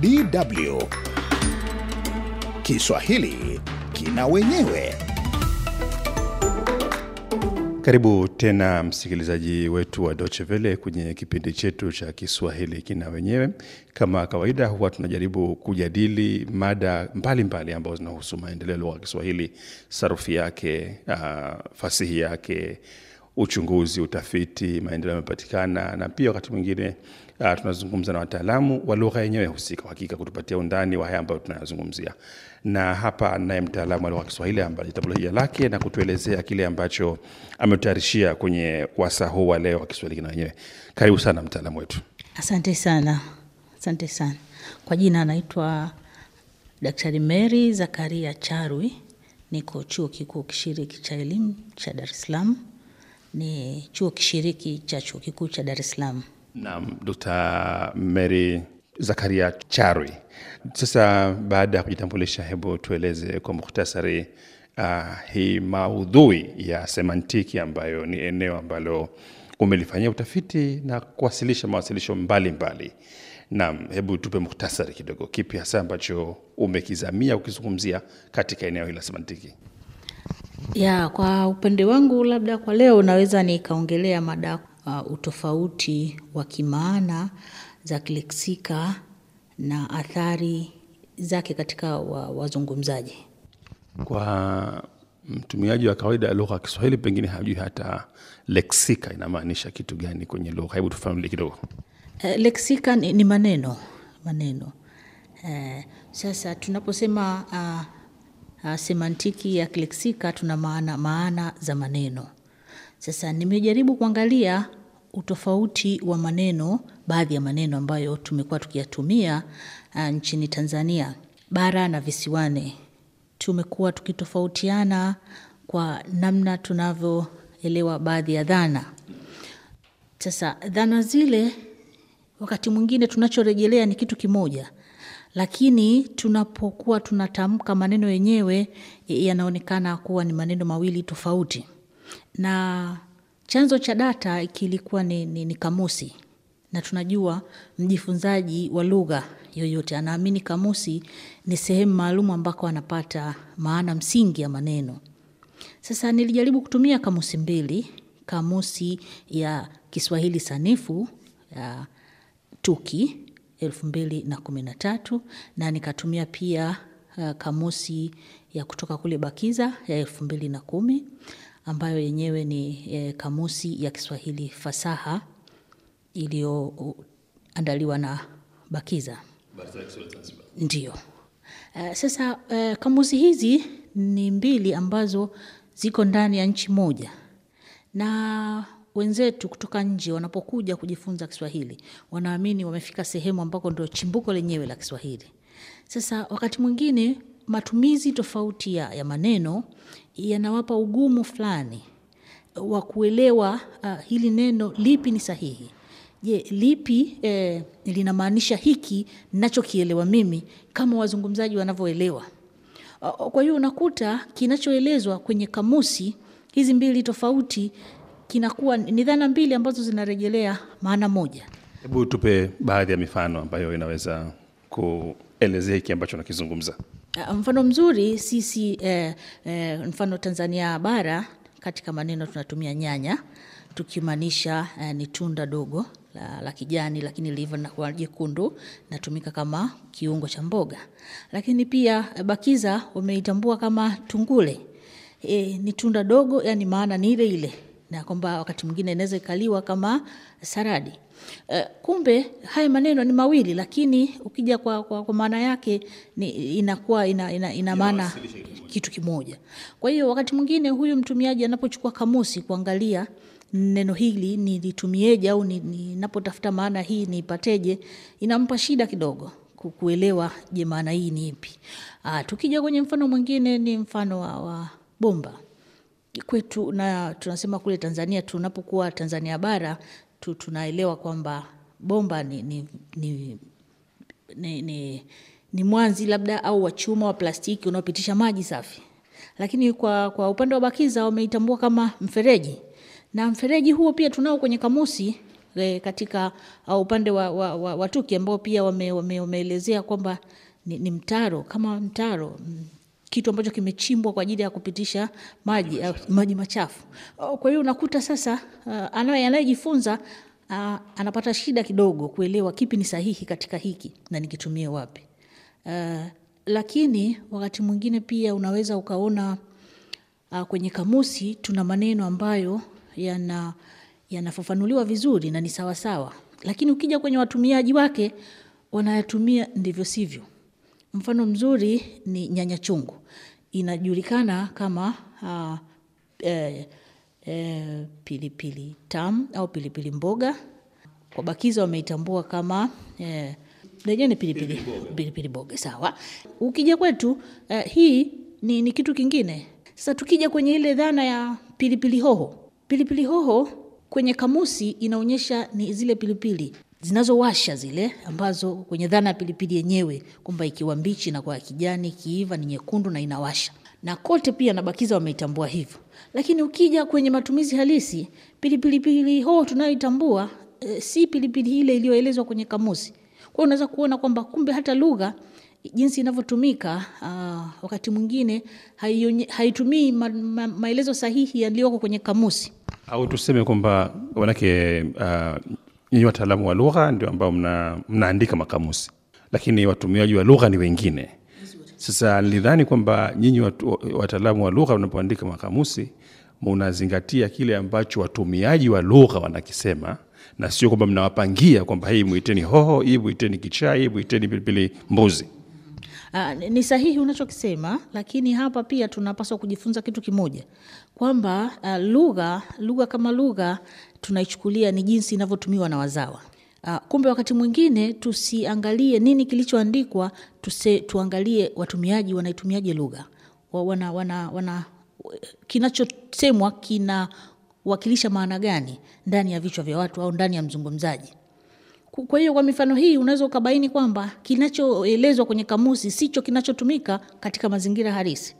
DW Kiswahili kina wenyewe. Karibu tena msikilizaji wetu wa Deutsche Welle kwenye kipindi chetu cha Kiswahili kina wenyewe. Kama kawaida, huwa tunajaribu kujadili mada mbalimbali ambazo zinahusu maendeleo ya lugha ya Kiswahili, sarufi yake, uh, fasihi yake uchunguzi, utafiti, maendeleo yamepatikana, na pia wakati mwingine uh, tunazungumza na wataalamu wa lugha yenyewe husika, hakika kutupatia undani wa haya ambayo tunayazungumzia. Na hapa naye mtaalamu wa lugha Kiswahili ambaye litabulahia lake na kutuelezea kile ambacho ametutayarishia kwenye wasa huu wa leo wa Kiswahili na wenyewe. Karibu sana mtaalamu wetu. Asante sana, asante sana. Kwa jina anaitwa Daktari Mary Zakaria Charwi, niko chuo kikuu kishiriki cha elimu cha Dar es Salaam ni chuo kishiriki cha chuo kikuu cha Dar es Salaam. Naam, Dr. Mary Zakaria Charwi, sasa baada ya kujitambulisha, hebu tueleze kwa mukhtasari uh, hii maudhui ya semantiki ambayo ni eneo ambalo umelifanyia utafiti na kuwasilisha mawasilisho mbalimbali. Naam, hebu tupe mukhtasari kidogo, kipi hasa ambacho umekizamia ukizungumzia katika eneo hili la semantiki? Ya, kwa upande wangu labda kwa leo naweza nikaongelea mada uh, utofauti wa kimaana za kileksika na athari zake katika wazungumzaji. kwa mtumiaji wa kawaida ya lugha ya Kiswahili pengine hajui hata leksika inamaanisha kitu gani kwenye lugha. Hebu tufahamu kidogo. Uh, leksika ni, ni maneno maneno. Uh, sasa tunaposema uh, uh, semantiki ya kileksika tuna maana, maana za maneno. Sasa nimejaribu kuangalia utofauti wa maneno, baadhi ya maneno ambayo tumekuwa tukiyatumia uh, nchini Tanzania bara na visiwani. Tumekuwa tukitofautiana kwa namna tunavyoelewa baadhi ya dhana. Sasa dhana zile wakati mwingine tunachorejelea ni kitu kimoja, lakini tunapokuwa tunatamka maneno yenyewe yanaonekana kuwa ni maneno mawili tofauti. Na chanzo cha data kilikuwa ni, ni, ni kamusi na tunajua mjifunzaji wa lugha yoyote anaamini kamusi ni sehemu maalum ambako anapata maana msingi ya maneno. Sasa nilijaribu kutumia kamusi mbili, kamusi ya Kiswahili sanifu ya Tuki elfu mbili na kumi na tatu na nikatumia pia uh, kamusi ya kutoka kule Bakiza ya elfu mbili na kumi ambayo yenyewe ni eh, kamusi ya Kiswahili fasaha iliyoandaliwa andaliwa na Bakiza ndiyo. Uh, sasa uh, kamusi hizi ni mbili ambazo ziko ndani ya nchi moja na wenzetu kutoka nje wanapokuja kujifunza Kiswahili wanaamini wamefika sehemu ambako ndio chimbuko lenyewe la Kiswahili. Sasa wakati mwingine matumizi tofauti ya, ya maneno yanawapa ugumu fulani wa kuelewa uh, hili neno lipi ni sahihi. Je, lipi eh, linamaanisha hiki ninachokielewa mimi kama wazungumzaji wanavyoelewa? Kwa hiyo unakuta kinachoelezwa kwenye kamusi hizi mbili tofauti kinakuwa ni dhana mbili ambazo zinarejelea maana moja. Hebu tupe baadhi ya mifano ambayo inaweza kuelezea hiki ambacho nakizungumza. Ah, mfano mzuri sisi eh, eh, mfano Tanzania bara katika maneno tunatumia nyanya tukimaanisha eh, ni tunda dogo la, la kijani lakini liva na kuwa jekundu, natumika kama kiungo cha mboga. Lakini pia eh, BAKIZA wameitambua kama tungule, E, ni tunda dogo, yani maana ni ile ile na kwamba wakati mwingine inaweza ikaliwa kama saradi. Uh, kumbe haya maneno ni mawili, lakini ukija kwa, kwa, kwa maana yake ni inakuwa ina, ina, ina maana kitu kimoja. Kwa hiyo wakati mwingine huyu mtumiaji anapochukua kamusi kuangalia neno hili nilitumieje au ninapotafuta maana hii niipateje, inampa shida kidogo kuelewa, je, maana hii ni ipi? Ah, tukija kwenye mfano mwingine ni mfano wa, wa bomba kwetu na tunasema kule Tanzania, tunapokuwa Tanzania bara tu, tunaelewa kwamba bomba ni, ni, ni, ni, ni, ni mwanzi labda au wa chuma wa plastiki unaopitisha maji safi, lakini kwa, kwa upande wa BAKIZA wameitambua kama mfereji, na mfereji huo pia tunao kwenye kamusi e, katika au upande wa, wa, wa, wa TUKI ambao pia wameelezea wame, wame kwamba ni, ni mtaro kama mtaro kitu ambacho kimechimbwa kwa ajili ya kupitisha maji, maji machafu. Uh, uh, kwa hiyo unakuta sasa uh, anayejifunza uh, anapata shida kidogo kuelewa kipi ni sahihi katika hiki na nikitumie wapi. Uh, lakini wakati mwingine pia unaweza ukaona uh, kwenye kamusi tuna maneno ambayo yana yanafafanuliwa vizuri na ni sawasawa, lakini ukija kwenye watumiaji wake wanayatumia ndivyo sivyo. Mfano mzuri ni nyanya chungu. Inajulikana kama ah, eh, eh, pilipili tamu au pilipili mboga. kwa bakiza wameitambua kama eh, lenyewe ni pilipili mboga. Sawa. Ukija kwetu, hii ni kitu kingine. Sasa tukija kwenye ile dhana ya pilipili hoho. Pilipili hoho kwenye kamusi inaonyesha ni zile pilipili zinazowasha zile ambazo kwenye dhana ya pilipili yenyewe kwamba ikiwa mbichi na kwa kijani, kiiva ni nyekundu na inawasha, na kote pia nabakiza wameitambua hivyo. Lakini ukija kwenye matumizi halisi, pilipili pili hoho tunayoitambua e, si pilipili ile iliyoelezwa kwenye kamusi. kwao unaweza kuona kwamba kumbe hata lugha jinsi inavyotumika uh, wakati mwingine haitumii ma, ma, maelezo sahihi yaliyoko kwenye kamusi, au tuseme kwamba manake uh, nyinyi wataalamu wa lugha ndio ambao mna, mnaandika makamusi, lakini watumiaji wa lugha ni wengine. Sasa nilidhani kwamba nyinyi wataalamu wa lugha unapoandika makamusi munazingatia kile ambacho watumiaji wa lugha wanakisema na sio kwamba mnawapangia kwamba hii mwiteni hoho, hii mwiteni kichaa, hii mwiteni pilipili mbuzi. Uh, ni sahihi unachokisema, lakini hapa pia tunapaswa kujifunza kitu kimoja kwamba uh, lugha lugha kama lugha tunaichukulia ni jinsi inavyotumiwa na wazawa. Uh, kumbe wakati mwingine tusiangalie nini kilichoandikwa, tuangalie watumiaji wanaitumiaje lugha wana, wana, wana, kinachosemwa kinawakilisha maana gani ndani ya vichwa vya watu au ndani ya mzungumzaji. Kwa hiyo kwa mifano hii unaweza ukabaini kwamba kinachoelezwa kwenye kamusi sicho kinachotumika katika mazingira halisi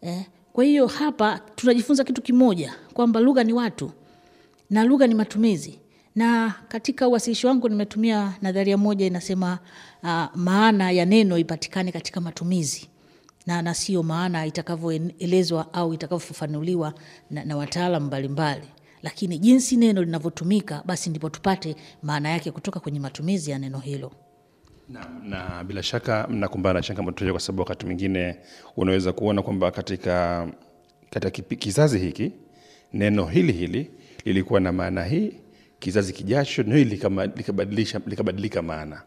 eh. Kwa hiyo hapa tunajifunza kitu kimoja kwamba lugha ni watu na lugha ni matumizi na katika uwasilishi wangu nimetumia nadharia moja inasema uh, maana ya neno ipatikane katika matumizi na, na sio maana itakavyoelezwa au itakavyofafanuliwa na, na wataalam mbalimbali lakini jinsi neno linavyotumika basi ndipo tupate maana yake kutoka kwenye matumizi ya neno hilo na, na bila shaka mnakumbana na changamoto hiyo kwa sababu wakati mwingine unaweza kuona kwamba katika, katika kizazi hiki neno hili hili lilikuwa na maana hii, kizazi kijacho ndio likabadilika likabadilika maana.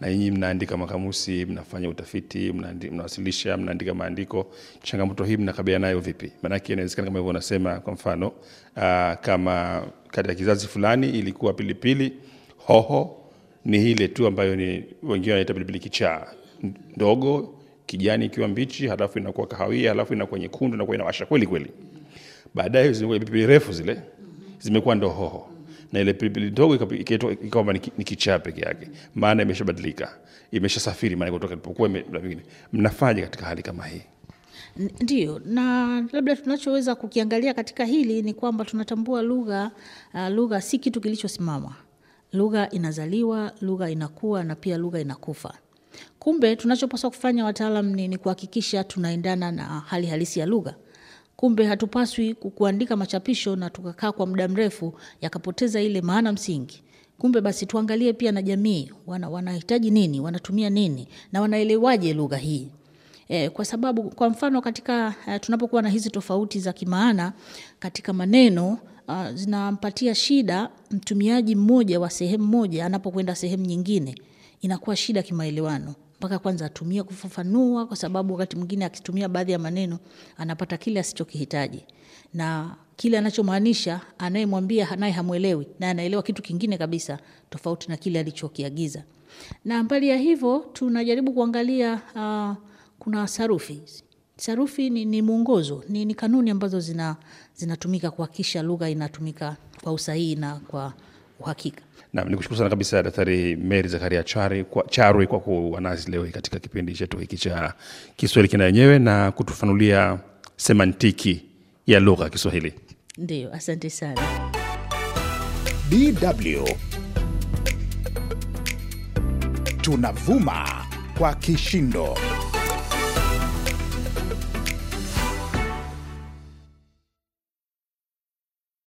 Na nyinyi mnaandika makamusi, mnafanya utafiti, mnawasilisha, mnaandika maandiko, changamoto hii mnakabiliana nayo vipi? Maanake inawezekana kama hivyo unasema, kwa mfano aa, kama kati ya kizazi fulani ilikuwa pilipili hoho ni ile tu ambayo ni wengine wanaita pilipili kichaa ndogo kijani ikiwa mbichi, halafu inakuwa kahawia, halafu inakuwa nyekundu, inakuwa inawasha kweli kweli. Baadaye zinakuwa pilipili refu zile zimekuwa ndo hoho na ile pilipili ndogo ikawa ni kichaa peke yake, maana imeshabadilika, imeshasafiri maana kutoka ilipokuwa. Mnafanya katika hali kama hii? ndio na labda tunachoweza kukiangalia katika hili ni kwamba tunatambua lugha uh, lugha si kitu kilichosimama. Lugha inazaliwa, lugha inakuwa na pia lugha inakufa. Kumbe tunachopaswa kufanya wataalam ni, ni kuhakikisha tunaendana na hali halisi ya lugha Kumbe hatupaswi kuandika machapisho na tukakaa kwa muda mrefu yakapoteza ile maana msingi. Kumbe basi tuangalie pia na jamii wana, wanahitaji nini, wanatumia nini na wanaelewaje lugha hii. E, kwa sababu kwa mfano katika uh, tunapokuwa na hizi tofauti za kimaana katika maneno uh, zinampatia shida mtumiaji mmoja wa sehemu moja anapokwenda sehemu nyingine, inakuwa shida kimaelewano mpaka kwanza atumie kufafanua, kwa sababu wakati mwingine akitumia baadhi ya maneno anapata kile asichokihitaji na kile anachomaanisha anayemwambia naye hamwelewi, na anaelewa kitu kingine kabisa tofauti na kile alichokiagiza. Na mbali ya hivyo, tunajaribu kuangalia uh, kuna sarufi. Sarufi ni, ni mwongozo, ni, ni kanuni ambazo zina, zinatumika kuhakikisha lugha inatumika kwa usahihi na kwa uhakika. Naam, nikushukuru sana kabisa Daktari Mary Zakaria Chari kwa, Charwi kwa kuwa nasi leo katika kipindi chetu hiki cha Kiswahili kina wenyewe na kutufanulia semantiki ya lugha ya Kiswahili. Ndiyo, asante sana. DW tunavuma kwa kishindo.